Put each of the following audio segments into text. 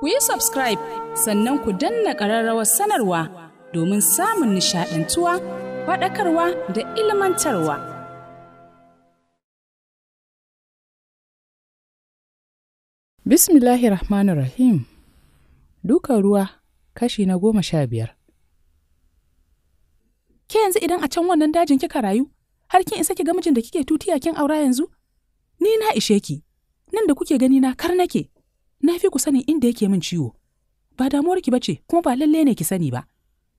ku yi subscribe sannan ku danna ƙararrawar sanarwa domin samun nishaɗantuwa faɗakarwa da ilmantarwa. Bismillahi Rahmanir Rahim Dukan ruwa kashi na goma sha biyar. Ke yanzu idan a can wannan dajin kika rayu, har kin isa ki ga mijin da kike tutiya kin aura yanzu? Ni na ishe ki, nan da kuke gani na kar nake. na fi ku sanin inda yake min ciwo ba damuwar ki bace kuma ba lalle ne ki sani ba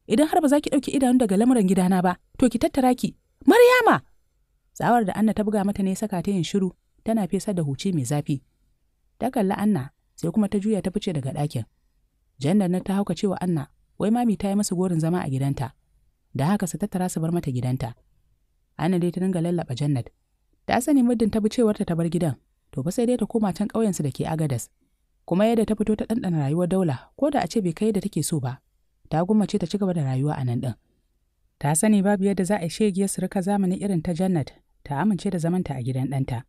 idan har ba za ki ɗauki idanu daga lamuran gidana ba to ki tattara ki maryama tsawar da anna ta buga mata ne saka ta yin shiru tana fesa da huce mai zafi ta kalli anna sai kuma ta juya ta fice daga ɗakin janna na ta hauka cewa anna wai mami ta yi masa gorin zama a gidanta da haka su tattara su bar mata gidanta anna dai ta dinga lallaɓa jannat ta sani muddin ta bi cewarta ta bar gidan to ba sai dai ta koma can ƙauyensu da ke agadas kuma yadda ta fito ta ɗanɗana rayuwar daula ko da a ce bai kai yadda take so ba ta gumace ta ci gaba da rayuwa a nan ɗin ta sani babu yadda za a shegiyar surka zamani irin ta jannat ta amince da zamanta a gidan ɗanta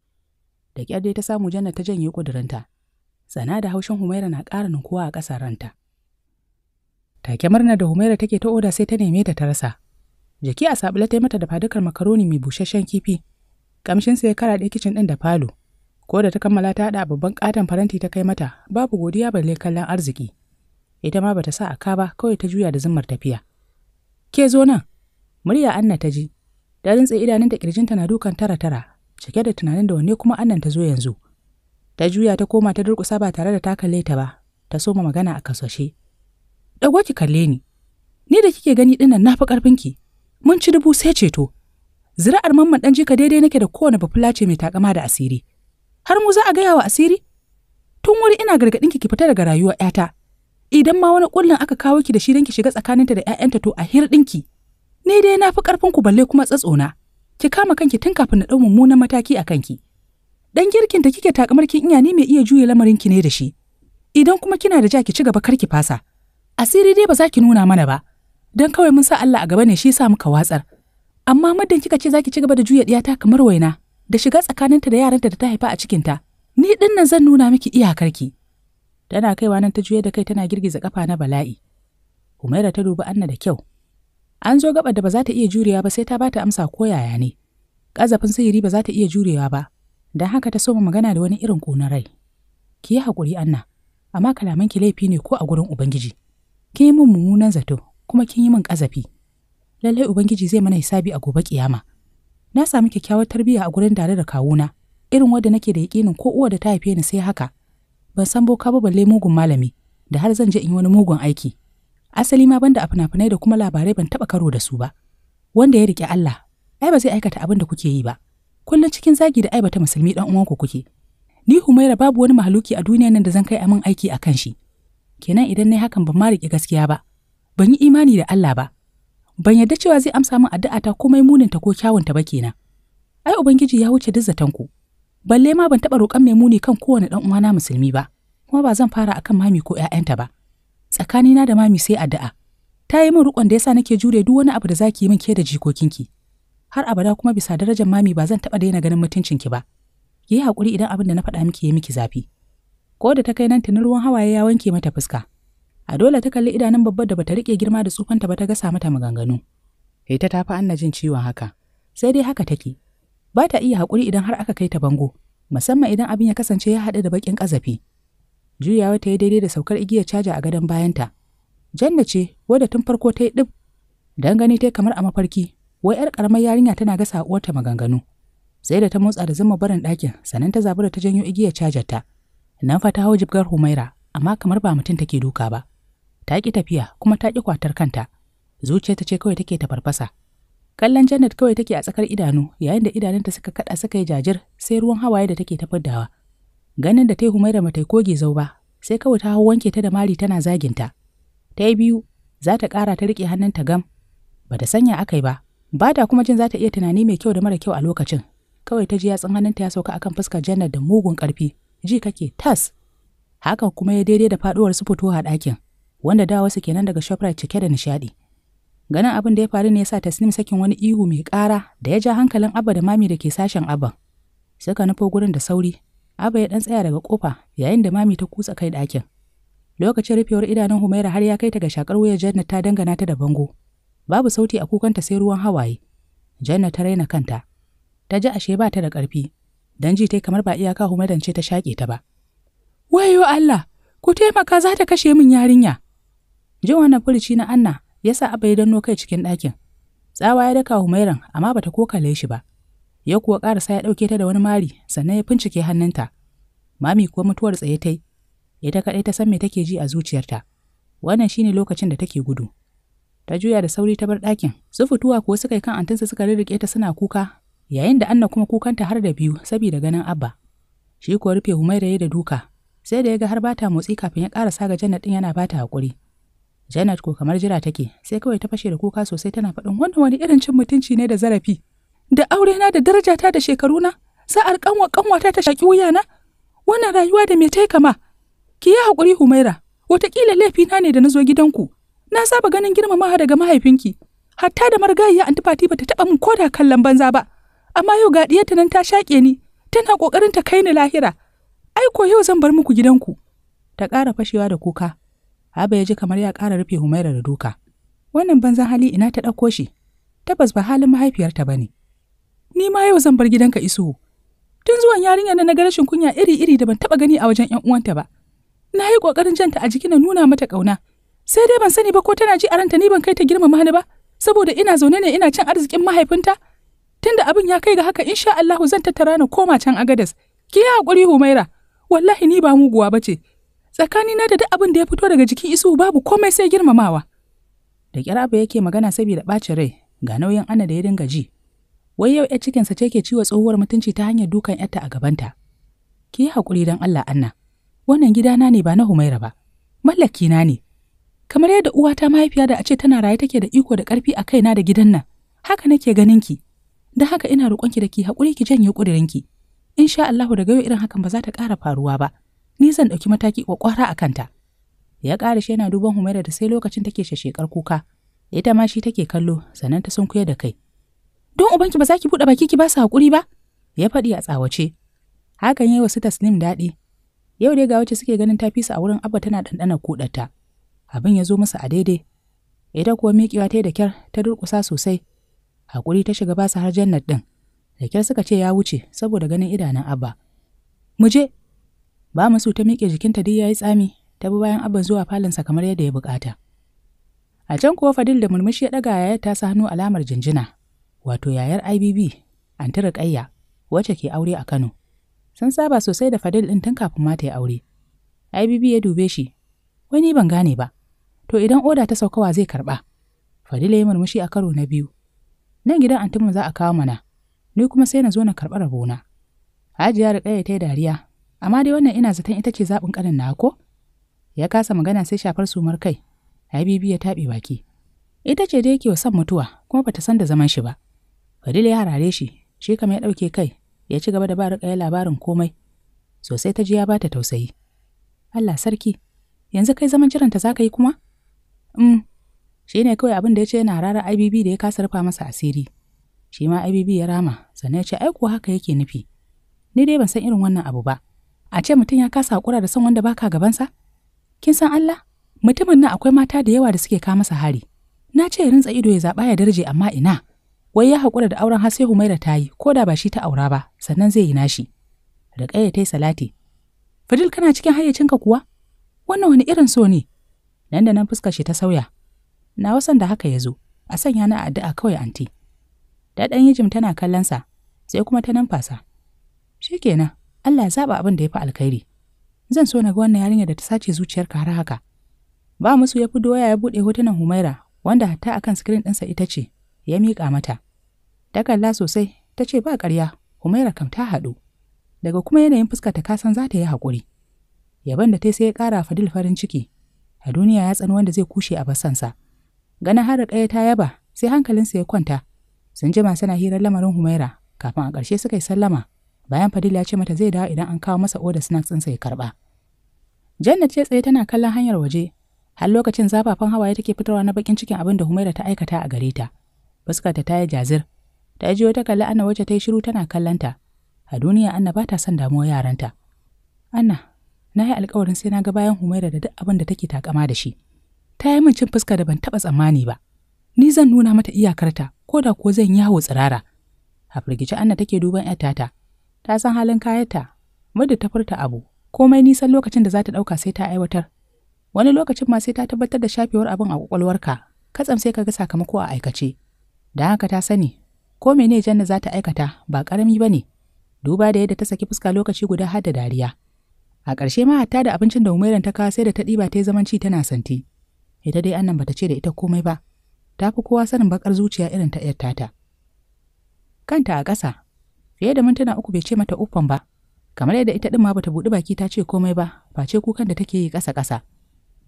da ƙyar dai ta samu jannat ta janye ƙudurinta tsana da haushin humaira na ƙara ninkuwa a ƙasar ranta take murna da humaira take ta oda sai ta neme ta ta rasa jiki a sabila ta mata da fadukar makaroni mai busasshen kifi kamshin sai kara ɗaya kicin ɗin da falo ko da ta kammala ta haɗa babban ƙaton faranti ta kai mata babu godiya balle kallon arziki ita ma bata sa aka ba kawai ta juya da zimmar tafiya ke zo nan murya anna ta ji ta rintse ta kirjinta na dukan tara tara cike da tunanin da wanne kuma annan ta zo yanzu ta juya ta koma ta durƙusa ba tare da ta kalle ta ba ta soma magana a kasashe dago ki kalle ni ni da kike gani dinnan na fi karfin ki mun ci dubu sai ceto zira'ar mamman dan jika daidai nake da kowane bafulace mai takama da asiri har mu za a gaya wa asiri tun wuri ina gargaɗin ki fita daga rayuwa ƴata idan ma wani kullun aka kawo ki da shi don ki shiga tsakaninta da ƴaƴanta to a hirɗin ki ni dai na fi ƙarfin ku balle kuma tsatsona ki kama kanki tun kafin na ɗau mummunan mataki a kanki dan girkin da kike takamar kin iya ne mai iya juya lamarin ki ne da shi idan kuma kina da ja ki ci gaba kar ki fasa asiri dai ba za ki nuna mana ba dan kawai mun sa Allah a gaba ne shi sa muka watsar amma muddin kika ce zaki ci gaba da juya diyata kamar waina da shiga tsakaninta da yaranta da ta haifa a cikinta, ni ɗin nan zan nuna miki iyakarki. Tana kaiwa nan ta juya da kai tana girgiza ƙafa na bala'i. Humaira ta dubi Anna da kyau. An zo gaba da ba za ta iya jurewa ba sai ta ba ta amsa ko yaya ne. Ƙazafin sihiri ba za ta iya jurewa ba, don haka ta soma magana da wani irin ƙunar rai. Ki yi haƙuri Anna, amma kalamanki laifi ne ko a gurin Ubangiji. Kin yi min mummunan zato, kuma kin yi min ƙazafi. Lallai Ubangiji zai mana hisabi a gobe ƙiyama. na sami kyakkyawar tarbiyya a gurin dare da kawuna irin wadda nake da yaƙinin ko uwa da ta haife ni sai haka ban san boka ba balle mugun malami da har zan je in yi wani mugun aiki asali ma banda a fina-finai da kuma labarai ban taɓa karo da su ba wanda ya riƙe Allah ai ba zai aikata abin da kuke yi ba kullum cikin zagi da aibata musulmi dan uwanku kuke ni Humaira babu wani mahaluki a duniya nan da zan kai amin aiki a kan shi kenan idan na hakan ban ma riƙe gaskiya ba ban yi imani da Allah ba ban yarda cewa zai amsa min addu'a ta komai muninta ko ta ba kenan. Ai Ubangiji ya wuce duk ku Balle ma ban taɓa roƙan mai muni kan kowane ɗan uwana musulmi ba, kuma ba zan fara akan mami ko ‘ya'yanta ba. Tsakani na da mami sai addu'a. Ta yi min riƙon da yasa nake jure duk wani abu da zaki ki yi min ke da ki. Har abada kuma bisa darajar mami ba zan taɓa daina ganin mutuncin ki ba. Ki yi haƙuri idan abin da na faɗa miki ya miki zafi. Ko da ta kai nan tuni ruwan hawaye ya wanke mata fuska. a dole ta kalli idanun babbar da bata rike girma da tsufanta ba ta gasa mata maganganu ita eh, ta fi anna jin ciwon haka sai dai haka take ba ta iya haƙuri idan har aka kai ta bango musamman idan abin ya kasance ya haɗu da baƙin ƙazafi juyawa ta yi daidai da saukar igiyar caja a gadon bayanta janna ce wadda tun farko ta yi ɗib dan gani ta kamar a mafarki wai 'yar ƙaramar yarinya tana gasa uwarta maganganu sai da ta motsa da zama barin ɗakin sannan ta zabura ta janyo igiyar cajarta. nan fa ta hau jibgar humaira amma kamar ba mutum take duka ba ta ƙi tafiya kuma ta ki kwatar kanta zuciya ta ce kawai take ta farfasa kallon janet kawai take a tsakar idanu yayin da idanunta suka kada suka yi jajir sai ruwan hawaye da take ta fiddawa ganin da ta yi humaira mata ko ba sai kawai ta hau wanke ta da mari tana zaginta ta yi biyu za ta ƙara ta riƙe hannunta gam ba ta sanya aka yi ba ba ta kuma jin za ta iya tunani mai kyau da mara kyau a lokacin kawai ta ji yatsun hannunta ya sauka akan fuskar janet da mugun ƙarfi ji kake tas haka kuma ya daidai da faɗuwar su fito a ɗakin wanda da wasu kenan daga Shoprite cike da nishaɗi. Ganin abin da ya faru ne ya sa Tasnim sakin wani ihu mai ƙara da ya ja hankalin Abba da Mami da ke sashen Abban. Suka nufo gurin da sauri, Abba ya ɗan tsaya daga ƙofa yayin da Mami ta kutsa kai ɗakin. Lokacin rufewar idanun Humaira har ya kai ta ga shakar wuyar Jannat ta dangana ta da bango. Babu sauti a kukanta sai ruwan hawaye. Jannat ta raina kanta. Ta ji ashe ba ta da ƙarfi, dan ji ta kamar ba iyaka Humairan ce ta shaƙe ta ba. Wayo Allah, ku taimaka za ta kashe min yarinya. Jin wannan furici na Anna ya sa Abba ya danno kai cikin ɗakin. Tsawa ya daka Humairan amma bata kokale shi ba. Ya kuwa ƙarasa ya dauke ta da wani mari sannan ya fincike hannunta. Mami kuwa mutuwar tsaye ta yi. Ita kaɗai ta san me take ji a zuciyarta. Wannan shine lokacin da take gudu. Ta juya da sauri ta bar ɗakin. Su fituwa kuwa suka yi kan antinsa suka rirriƙe ta suna kuka. Yayin da Anna kuma kukanta har da biyu saboda ganin Abba. Shi kuwa rufe Humaira ya da duka. Sai da ya ga har bata motsi kafin ya karasa ga Jannat ɗin yana bata haƙuri. Janet ko kamar jira take sai kawai ta fashe da kuka sosai tana faɗin wannan wani irin cin mutunci ne da zarafi. Da aure na da daraja ta da shekaru shekaruna sa'ar kanwa kanwata ta shaki wuya na wannan rayuwa da me ta kama. Ki yi haƙuri Humaira laifi na ne da na zo gidanku. Na saba ganin girmamawa daga mahaifinki. Hatta da margayiya antifati bata taɓa min koda kallon banza ba. Amma yau ga ɗiyarta nan ta shaƙe ni tana ƙoƙarin ta kai ni lahira. Ai ko yau zan bar muku gidanku. Ta ƙara fashewa da kuka. Abba ya ji kamar ya ƙara rufe Humaira da duka. Wannan banzan hali ina ta ɗauko shi, tabbas ba halin mahaifiyarta ba ne. Ni ma yau zan bar gidanka iso. Tun zuwan yarinyar na na rashin kunya iri-iri da ban taɓa gani a wajen 'yan uwanta ba. Na yi ƙoƙarin janta a jiki na nuna mata ƙauna. Sai dai ban sani ba ko tana ji a ranta ni ban kai ta girmama ni ba, saboda ina zaune ne ina cin arzikin mahaifinta. Tunda abin ya kai ga haka insha Allahu zan tattara na koma can Agadas. Ki yi haƙuri Humaira, wallahi ni ba muguwa ba ce, tsakanina da duk abin da ya fito daga jikin isu babu komai sai girmamawa da kyaraba yake magana saboda ɓacin rai ga nauyin ana da ya dinga ji wai yau 'yar cikinsa ce ke ciwo tsohuwar mutunci ta hanyar dukan 'yarta a gabanta ki yi haƙuri don Allah Anna wannan gidana ne ba na Humaira ba mallaki na ne kamar yadda uwata mahaifiya da a ce tana raye take da iko da ƙarfi a kaina da gidan nan haka nake ganin ki don haka ina roƙonki da ki haƙuri ki janye ƙudurinki insha Allahu daga yau irin hakan ba za ta ƙara faruwa ba ni zan ɗauki mataki kwakwara a kanta. Ya shi yana duban Humaira da sai lokacin take shashekar kuka, ita ma shi take kallo sannan ta sunkuya da kai. Don ubanki ba za ki buɗe baki ki ba su haƙuri ba? Ya faɗi a tsawace. Hakan ya yi wasu taslim daɗi. Yau dai ga wacce suke ganin ta fi su a wurin abba tana ɗanɗanar kuɗarta. Abin ya zo musu a daidai. Ita kuwa miƙewa ta yi da kyar ta durƙusa sosai. Haƙuri ta shiga ba su har jannat ɗin. Da kyar suka ce ya wuce saboda ganin idanun abba. Mu Ba musu ta miƙe jikinta duk yayi tsami, ta bi bayan abin zuwa falinsa kamar yadda ya bukata A can kuwa Fadil da murmushi ya ɗaga yayar ta sa hannu alamar jinjina, wato yayar IBB, Antara Ƙayya, wacce ke aure a Kano. Sun saba sosai da Fadil ɗin tun kafin ma ta yi aure. IBB ya dube shi, wani ban gane ba, to idan oda ta saukawa zai karɓa. Fadil ya murmushi a karo na biyu. Nan gidan antinmu za a kawo mana, ni kuma sai na zo na karɓi rabona. Hajiya da ta yi dariya, Amma dai wannan ina zaton ita ce zaɓin ƙanin na ko? Ya kasa magana sai shafar sumar kai, Habibi ya taɓe baki. Ita ce dai yake wa son mutuwa kuma bata san da zaman shi ba. Fadila ya harare shi, shi kama ya ɗauke kai, ya ci gaba da ba riƙa labarin komai. Sosai ta ji ya bata tausayi. Allah sarki, yanzu kai zaman jiranta za ka yi kuma? um shi ne kawai abin da ya ce yana rara IBB da ya kasa rufa masa asiri. Shi ma IBB ya rama, sannan ya ce aiko haka yake nufi. Ni dai ban san irin wannan abu ba. a ce mutum ya kasa haƙura da son wanda ba baka gabansa? Kin san Allah? Mutumin nan akwai mata da yawa da suke kawo masa hari. Na ce ya rintsa ido ya zaɓa ya darje amma ina. Wai ya haƙura da auren har sai Humaira ta yi, ko da ba shi ta aura ba, sannan zai yi nashi. Da ƙaya ta yi salati. Fadil kana cikin hayyacinka kuwa? Wannan wani irin so ne? Nan da nan fuskar shi ta sauya. Na wasan da haka ya zo, a sanya na addu'a kawai anti. Da ɗan yijim tana sa. sai kuma ta numfasa. kenan, Allah ya zaba abin da ya fi alkhairi zan so na ga wannan yarinya da ta sace zuciyarka har haka ba musu ya fi doya ya bude hotunan humaira wanda hatta akan sikirin ɗinsa ita ce ya miƙa mata ta kalla sosai ta ce ba ƙarya humaira kam ta haɗu daga kuma yanayin fuska ta kasan za ta yi haƙuri yaban da ta sai ya ƙara fadil farin ciki a duniya ya tsani wanda zai kushe a basansa ganin har ƙaya ta yaba sai hankalinsa ya kwanta sun jima suna hirar lamarin humaira kafin a ƙarshe suka yi sallama bayan Fadila ya ce mata zai dawo idan an kawo masa oda snacks ɗinsa ya karɓa. Jannat ce tsaye tana kallon hanyar waje, har lokacin zafafan hawaye take fitarwa na bakin cikin abin da Humaira ta aikata a gare ta. Fuskarta ta yi jazir, ta ji wata kalli Anna wacce ta yi shiru tana kallonta. A duniya Anna ba ta son damuwar yaranta. Anna, na yi alkawarin sai na ga bayan Humaira da duk abin da take takama da shi. Ta yi min cin fuska da ban taɓa tsammani ba. Ni zan nuna mata iyakarta, ko da ko zan yawo tsirara. A firgice Anna take duban yar ta, ta san halin kayata muddin ta furta abu komai nisan lokacin da za ta ɗauka sai ta aiwatar wani lokacin ma sai ta tabbatar da shafewar abin a kwakwalwarka katsam sai ka ga sakamako a aikace da haka ta sani ko mene janna za ta aikata ba ƙarami ba ne duba da yadda ta saki fuska lokaci guda har da dariya a ƙarshe ma hatta da abincin da umairan ta kawo sai da ta ɗiba ta yi zaman ci tana santi ita dai annan bata ce da ita komai ba ta fi kowa sanin bakar zuciya irin ta ‘yar tata kanta a ƙasa Fiye da mintuna uku bai ce mata ufan ba, kamar yadda ita ɗin ma bata buɗi baki ta ce komai ba, face kukan da take yi ƙasa-ƙasa.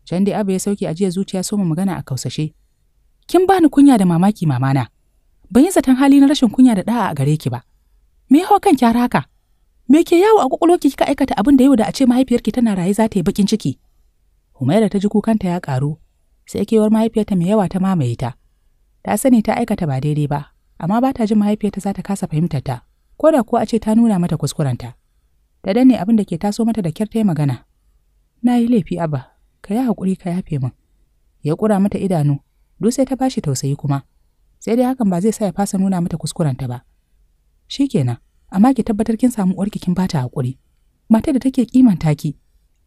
Can dai abu ya sauke ajiya zuciya soma magana a kausashe. Kin bani kunya da mamaki mamana. Ban yi zaton hali na rashin kunya da ɗa'a a gare ki ba. Me ya hawa kan kyara haka? Me ke yawo a ki kika aikata abin da yau da a ce mahaifiyarki tana raye za ta yi bakin ciki? Humaira ta ji kukanta ya ƙaru, sai kewar mahaifiyarta mai yawa ta mamaye ta. Ta sani ta aikata ba daidai ba, amma ba ta jin mahaifiyarta za ta kasa fahimtar ta. ko da kuwa a ce ta nuna mata kuskurenta. Ta danne abin da ke taso mata da kyar ta magana. Na yi laifi abba, ka yi haƙuri ka yafe min. Ya ƙura mata idanu, duk sai ta bashi tausayi kuma. Sai dai hakan ba zai sa ya fasa nuna mata kuskurenta ba. shi Shikenan, amma ki tabbatar kin samu uwarki kin bata haƙuri. Mata da take kimanta ki,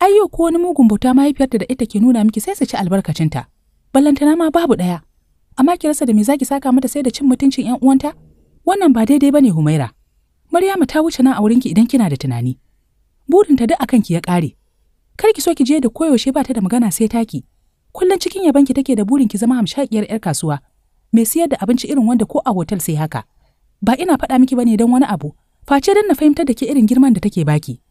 ai yau ko wani mugun bauta mahaifiyarta da ita ke nuna miki sai su ci albarkacinta. Ballantana ma babu ɗaya. Amma ki rasa da me zaki saka mata sai da cin mutuncin 'yan uwanta? Wannan ba daidai bane Humaira. Maryama ta wuce nan a wurinki idan kina da tunani. Burinta duk akan ki ya kare. Kar ki so ki je da koyaushe ba ta da magana sai taki. Kullum cikin yabanki take da burin ki zama hamshakiyar 'yar kasuwa. Mai siyar da abinci irin wanda ko a hotel sai haka. Ba ina faɗa miki bane don wani abu. Face don na fahimtar da ke irin girman da take baki.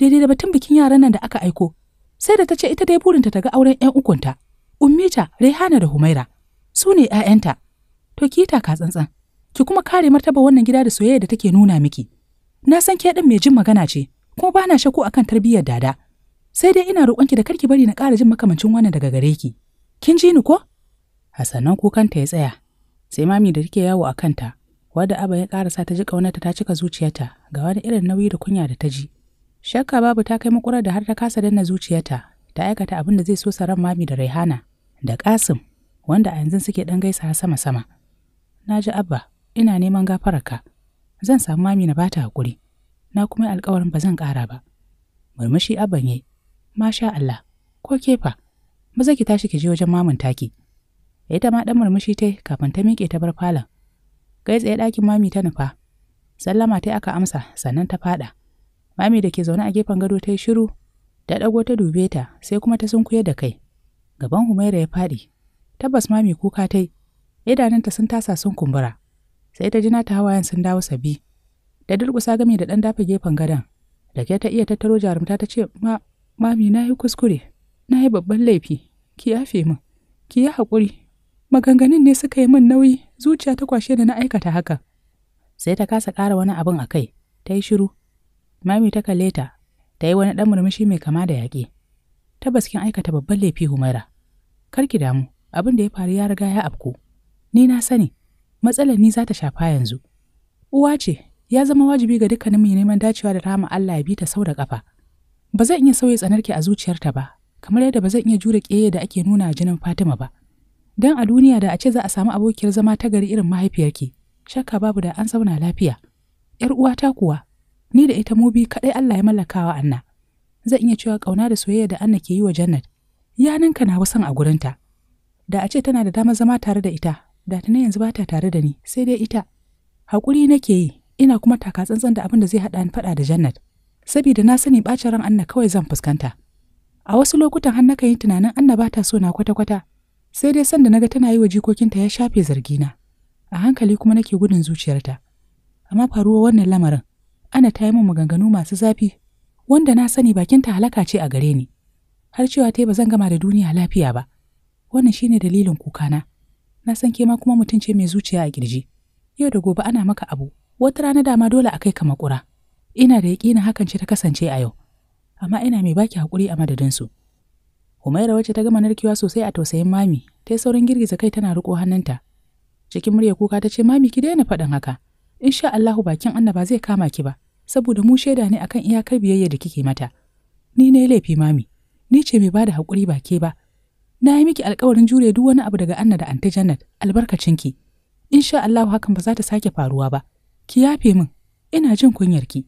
Daidai da batun bikin yaran nan da aka aiko. Sai da ta ce ita dai burinta ta ga auren 'yan ukunta. Ummita, Rehana da Humaira. Su ne 'ya'yanta. To ki ka tsantsan. ki kuma kare martaba wannan gida da soyayya da take nuna miki. Na san ke din mai jin magana ce, kuma bana shaku shakku akan tarbiyyar dada. Sai dai ina roƙonki da karki bari na ƙara jin makamancin wannan daga gare ki. Kin ji ni ko? Hassanan kukanta ya tsaya, sai mami da take yawo a kanta, wadda aba ya sa ta ji ƙaunarta ta cika zuciyarta ga wani irin nauyi da kunya da ta ji. Shakka babu ta kai makurar da har ta kasa danna zuciyarta, ta aikata abin da zai so saran mami da Raihana da Kasim, wanda a yanzu suke ɗan gaisa sama-sama. Na ji abba, ina neman gafararka zan samu mami na bata hakuri na kuma alkawarin alƙawarin ba zan ƙara ba murmushi abanye masha Allah ko kefa maza ki tashi ki je wajen mamun taki ita ma dan murmushi tai kafin ta miƙe ta bar falon kai tsaye ɗakin mami ta nufa sallama ta aka amsa sannan ta faɗa mami da ke zaune a gefen gado ta yi shiru ta ɗago ta dube ta sai kuma ta sunkuye da kai gaban humaira ya faɗi tabbas mami kuka tai idanunta sun tasa sun kumbura sai ta ji nata hawayen sun dawo sabi da durƙusa gami da ɗan dafa gefen gadon da ke ta iya tattaro jarumta ta ce ma mami na yi kuskure na yi babban laifi ki yafe min ki yi haƙuri maganganun ne suka yi min nauyi zuciya ta kwashe da na aikata haka sai ta kasa ƙara wani abin a kai ta yi shiru mami ta kalle ta ta yi wani ɗan murmushi mai kama da yaƙi tabbas kin aikata babban laifi humaira kar ki damu abin da ya faru ya riga ya afku ni na sani matsalar ni za ta shafa yanzu. Uwa ce, ya zama wajibi ga dukkanin mai neman dacewa da rahama Allah ya bi ta sau da ƙafa. Ba zan iya sauya tsanarki a zuciyarta ba, kamar yadda ba zan iya jure ƙeye da ake nuna a jinin Fatima ba. Don a duniya da a ce za a samu abokiyar zama ta gari irin mahaifiyarki, shakka babu da an zauna lafiya. ‘Yar uwata kuwa, ni da ita mu bi kaɗai Allah ya mallakawa Anna. Zan iya cewa ƙauna da soyayya da Anna ke yi wa Jannat, ya ninka na wasan a gurinta. Da a ce tana da damar zama tare da ita, da ta yanzu ba ta tare da ni sai dai ita haƙuri nake yi ina kuma taka tsantsan da abin da zai haɗa ni faɗa da jannat saboda na sani ɓacin ran anna kawai zan fuskanta a wasu lokutan har nakan yi tunanin anna ba ta so na kwata-kwata sai dai sanda naga tana yi wa jikokinta ya shafe zargi na. a hankali kuma nake gudun zuciyarta amma faruwa wannan lamarin ana ta yi min maganganu masu zafi wanda na sani bakinta halaka ce a gare ni har cewa ta ba zan gama da duniya lafiya ba wannan shine dalilin kukana na san ke ma kuma mutum ce mai zuciya a kirji yau da gobe ana maka abu wata rana dama dole a kai ka makura ina da yaƙinin hakan ce ta kasance a yau amma ina mai baki haƙuri a madadinsu Humaira wacce ta gama narkewa sosai a tausayin mami ta yi saurin girgiza kai tana riko hannunta cikin murya kuka ta ce mami ki daina faɗin haka sha Allahu bakin annaba zai kama ki ba saboda mu shaida ne akan iyakar biyayya da kike mata ni ne laifi mami ni ce mai bada haƙuri ba ke ba Na yi miki alkawarin jure duk wani abu daga Anna da Anti Janet, albarkacinki. Insha Allah hakan ba za ta sake faruwa ba. Ki yafe min, ina jin kunyar ki.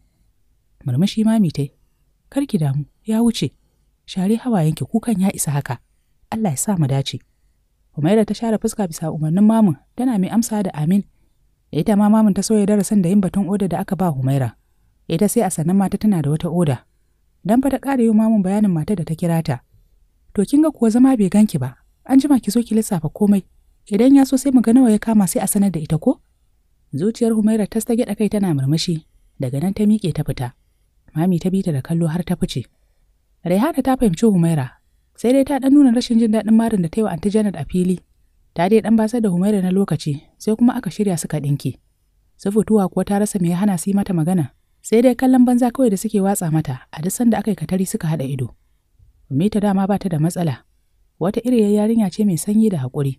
Murmushi mami tai, kar ki damu, ya wuce. Share hawayenki kukan ya isa haka. Allah ya sa mu dace. Umaira ta share fuska bisa umarnin mamun, tana mai amsa da amin. Ita ma mamun ta soya darasin da yin batun oda da aka ba Humaira. Ita sai a sannan mata tana da wata oda. Dan fa ta ƙara yi mamun bayanin mata da ta kira ta. To kin ga kuwa zama bai ganki ba. An jima ki zo ki lissafa komai. Idan ya so sai mu ga nawa ya kama sai a sanar da ita ko? Zuciyar Humaira ta stage kai tana murmushi, daga nan ta miƙe ta fita. Mami ta bi ta da kallo har ta fice. Raihana ta fahimci Humaira, sai dai ta ɗan nuna rashin jin daɗin marin da ta yi wa anti Janet a fili. Ta dai ɗan basar da Humaira na lokaci, sai kuma aka shirya suka ɗinki. Sufutuwa kuwa ta rasa mai hana su yi mata magana, sai dai kallon banza kawai da suke watsa mata a duk sanda aka yi katari suka haɗa ido. Mita dama ba ta da matsala. Wata iri iriyar yarinya ce mai sanyi da haƙuri.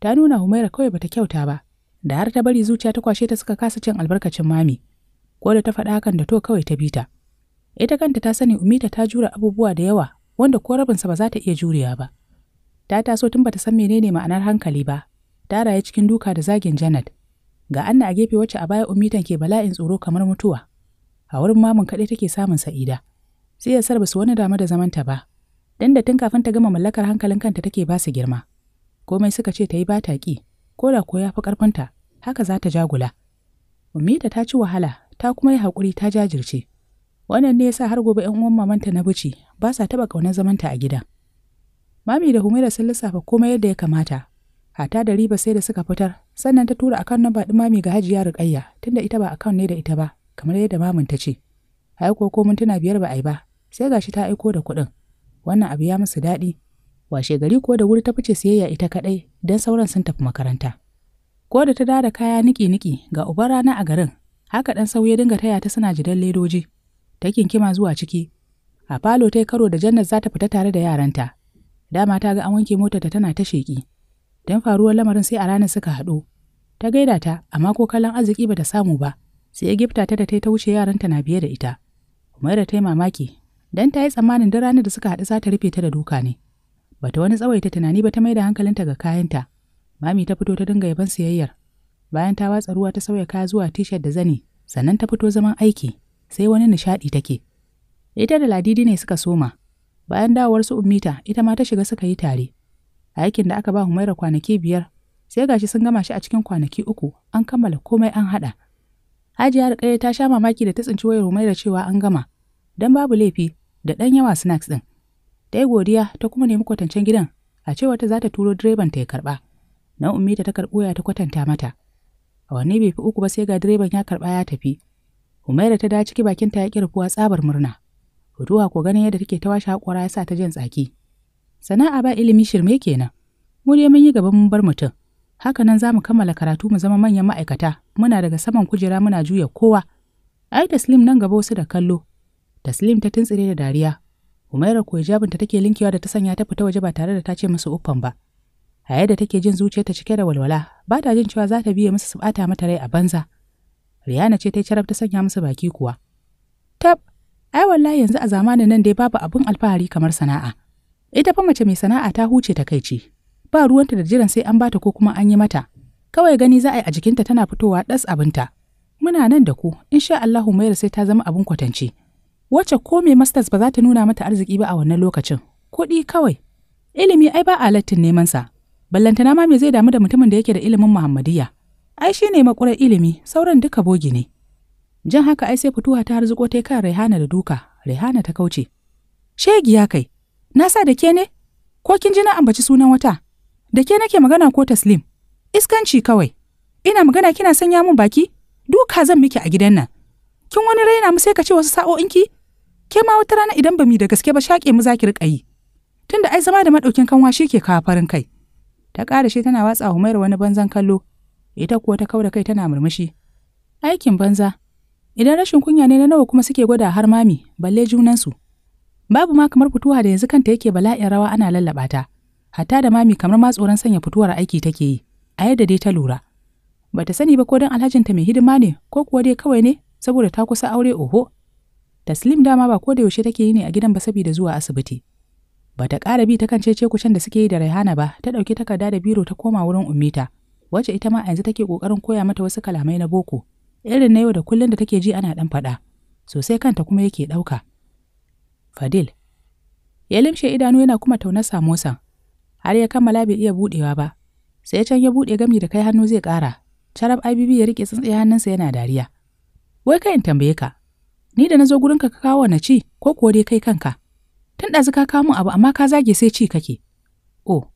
Ta nuna Humaira kawai bata kyauta ba, da har ta bari zuciya ta kwashe ta suka kasa cin albarkacin mami. Ko da ta faɗa hakan da to kawai ta bi ta. Ita kanta ta sani Umita ta jura abubuwa da yawa wanda ko rabinsa ba za ta iya jurewa ba. Ta taso tun bata san menene ma'anar hankali ba, ta raye cikin duka da zagin Janet. Ga Anna a gefe wacce a baya Umitan ke bala'in tsoro kamar mutuwa. A wurin mamun kaɗai take samun sa'ida. Sai ya sarba wani dama da zamanta ba, inda tun kafin ta gama mallakar hankalin kanta take ba su girma komai suka ce ta yi ba ta ko da ko ya fi ƙarfinta haka za ta jagula umita ta ci wahala ta kuma yi haƙuri ta jajirce wannan ne yasa har gobe 'yan uwan mamanta na buci. ba sa taɓa ƙaunar zamanta a gida mami da humaira sun lissafa komai yadda ya kamata hata da riba sai da suka fitar sannan ta tura akan namba ɗin mami ga hajiya riƙayya tunda ita ba akan ne da ita ba kamar yadda mamin ta ce ai ko ko mintuna biyar ba a yi ba sai gashi ta aiko da kuɗin wannan abu ya musu daɗi washe gari ko da wuri ta fice siyayya ita kaɗai don sauran sun tafi makaranta ko da ta dada kaya niki-niki ga uban rana a garin haka ɗan sauye dinga taya ta suna jidan ledoji ta kinkima zuwa ciki a falo ta karo da jannat za ta fita tare da yaranta dama ta ga an wanke ta tana ta sheƙi don faruwar lamarin sai a ranar suka haɗu ta gaida ta amma ko kallon arziki bata samu ba sai ya gifta ta da ta wuce yaranta na biye da ita Kuma yadda ta yi mamaki Don ta yi tsammanin da ranar da suka haɗu za ta rufe ta da duka ne. Bata wani tsawaita tunani ba ta mai da hankalinta ga kayanta. Mami ta fito ta dinga yaban siyayyar. Bayan ta watsa ruwa ta sauya kaya zuwa tishar da zani, sannan ta fito zaman aiki, sai wani nishaɗi take. Ita da Ladidi ne suka soma. Bayan dawowar su Ummita, ita ma ta shiga suka yi tare. Aikin da aka ba Humaira kwanaki biyar, sai gashi sun gama shi a cikin kwanaki uku, an kammala komai an haɗa. Hajiya da ta sha mamaki da ta tsinci wayar Humaira cewa an gama, don babu laifi da ɗan yawa snacks ɗin. Ta yi godiya ta kuma nemi kwatancen gidan a cewa ta za ta turo direban ta ya karɓa. Na ummi ta karɓo ya ta kwatanta mata. A wanne bai fi uku ba sai ga direban ya karɓa ya tafi. Umaira ta da ciki bakinta ya kirfuwa tsabar murna. Ruwa ko ganin yadda take ta washe haƙora ya sa ta jan tsaki. Sana'a ba ilimi shirme kenan. Mu dai mun yi gaba mun bar mutum. Haka nan za mu kammala karatu mu zama manyan ma'aikata, muna daga saman kujera muna juya kowa. Ai da Slim nan gaba wasu da kallo, Da Slim ta tuntsire da dariya. Umaira ko hijabinta take linkewa da ta sanya ta fita waje ba tare da ta ce masa uffan ba. A yadda take jin zuciyarta cike da walwala, ba ta jin cewa za ta biye musu su bata mata rai a banza. Riyana ce ta yi ta sanya musu baki kuwa. Tab, ai wallahi yanzu a zamanin nan dai babu abin alfahari kamar sana'a. Ita fa mace mai sana'a ta huce ta takaici. Ba ruwanta da jiran sai an bata ko kuma an yi mata. Kawai gani za a yi a jikinta tana fitowa ɗas abinta. Muna nan da ku, sha Allah Umaira sai ta zama abin kwatance. wacce ko mai masters ba za ta nuna mata arziki ba a wannan lokacin kuɗi kawai ilimi ai ba a lattin neman sa ballantana ma me zai damu da mutumin da yake da ilimin muhammadiyya ai shi ne makurar ilimi sauran duka bogi ne jan haka ai sai fituwa ta harzuko ta kan Rehana da duka Rehana ta kauce ya kai na sa da ke ne ko kin ji na ambaci sunan wata da ke nake magana ko taslim iskanci kawai ina magana kina sanya mun baki duka zan miki a gidan nan kin wani raina mu sai ka ce wasu sa'o'inki ke ma wata rana idan ba mi da gaske ba shaƙe mu za ki riƙa yi tunda ai zama da maɗaukin kanwa shi ke kawo farin kai ta ƙara shi tana watsa mayar wani banzan kallo ita kuwa ta kauda kai tana murmushi aikin banza idan rashin kunya ne na nawa kuma suke gwada har mami balle junansu babu ma kamar fituwa da yanzu kanta yake bala'in rawa ana lallaɓa ta hatta da mami kamar ma tsoron sanya fituwar aiki take yi a yadda dai ta lura bata sani ba ko don alhajinta mai hidima ne ko kuwa dai kawai ne saboda ta kusa aure oho slim dama ba ko da yaushe take yi ne a gidan ba saboda zuwa asibiti ba ta ƙara bi ta kan cece kucin da suke yi da raihana ba ta ɗauki takarda da biro ta koma wurin ummita wacce ita ma yanzu take kokarin koya mata wasu kalamai na boko irin na yau da kullun da take ji ana ɗan faɗa sosai kanta kuma yake ɗauka fadil ya limshe idanu yana kuma tauna samosa. har ya kammala bai iya buɗewa ba sai can ya buɗe gami da kai hannu zai kara. carab ibb ya rike tsintsiya hannunsa yana dariya wai ka in tambaye ka ni da na zo gurinka ka kawo na ci ko kuwa dai kai kanka tun ɗazu ka kawo min abu amma ka zage sai ci kake oh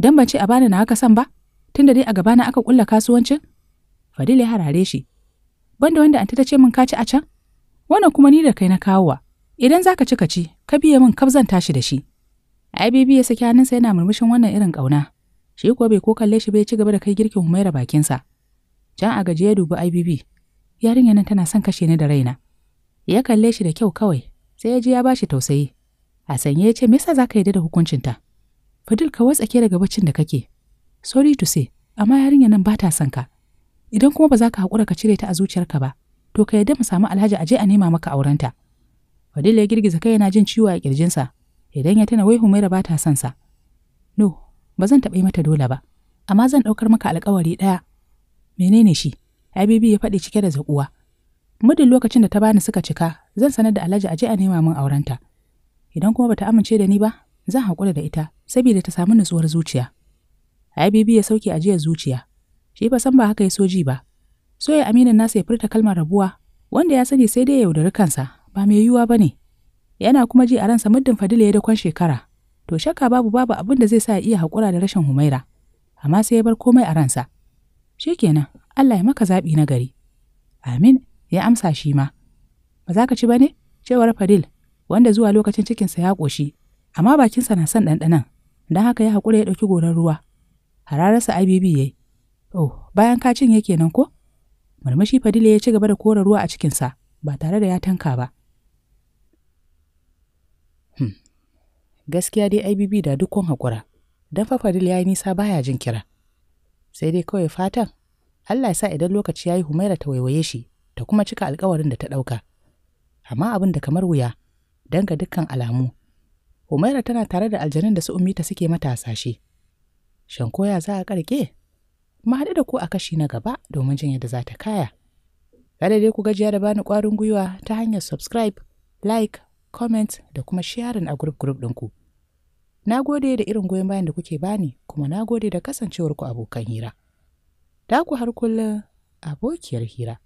dan ban ce a bani na haka san ba tunda dai a gabana aka kulla kasuwancin fadila ya harare shi banda wanda anta ta ce min ka a can wannan kuma ni da kai na kawo wa. idan zaka ci ka ci ka biye min kaf zan tashi da shi ai bibi ya saki hannunsa yana murmushin wannan irin ƙauna shi kuwa bai ko kalle shi bai ci gaba da kai girkin humaira bakinsa can a gaji ya dubi ibb yarinyar nan tana son kashe ni da raina. Ya kalle shi da kyau kawai, sai ya ji ya bashi tausayi. A sanye ya ce, me yasa za ka yarda da hukuncinta? Fadil ka watsake daga baccin da kake. Sorry to say, amma yarinyar nan ba ta son ka. Idan kuma ba za ka haƙura ka cire ta a zuciyarka ba, to ka yarda mu samu alhaji a je a nema maka aurenta. Fadil ya girgiza kai yana jin ciwo a ƙirjinsa. idan ya tana wai Humaira ba ta son sa. No, ba zan taɓa yi mata dole ba, amma zan ɗaukar maka alƙawari ɗaya. Menene shi? Habibi ya faɗi cike da zaƙuwa. Muddin lokacin da ta bani suka cika, zan sanar da Alhaji a je a nema min aurenta. Idan kuma bata amince da ni ba, zan haƙura da ita saboda ta samu nutsuwar zuciya. Habibi ya sauke ajiyar zuciya. Shi ba san ba haka ya soji ba. So ya aminin nasa ya furta kalmar rabuwa, wanda ya sani sai dai ya yaudari kansa, ba mai yiwuwa ba ne. Yana kuma ji a ransa muddin Fadila ya dakon shekara, to shakka babu babu abin da zai sa ya iya haƙura da rashin Humaira. Amma sai ya bar komai a ransa. Shikenan, Allah ya maka zaɓi na gari. Amin, ya amsa shi ma. Ba za ka ci ba ne? Cewar Fadil, wanda zuwa lokacin cikinsa ya ƙoshi, amma bakinsa na son ɗanɗanan, don haka ya haƙura ya ɗauki goron ruwa. Hararsa IBB ya yi. Oh, bayan ka cinye kenan ko? Murmushi Fadil ya ci gaba da kora ruwa a cikinsa, ba tare da ya tanka ba. Hmm, gaskiya dai IBB da dukkan haƙura, don fa Fadil ya yi nisa baya jin kira. Sai dai kawai fatan Allah ya sa idan lokaci ya yi Humaira ta waiwaye shi ta kuma cika alkawarin da ta ɗauka. Amma abin da kamar wuya, don ga dukkan alamu, Humaira tana tare da aljanun da su umita suke mata hasashe. Shan koya za a ƙarƙe? Mu haɗu da ku a kashi na gaba domin jin yadda za ta kaya. Kada dai ku gajiya da bani ƙwarin gwiwa ta hanyar subscribe, like, comment da kuma sharing a group group ɗinku. Na gode da irin goyon bayan da kuke bani, kuma na gode da kasancewarku abokan hira. Daku har kullum abokiyar hira.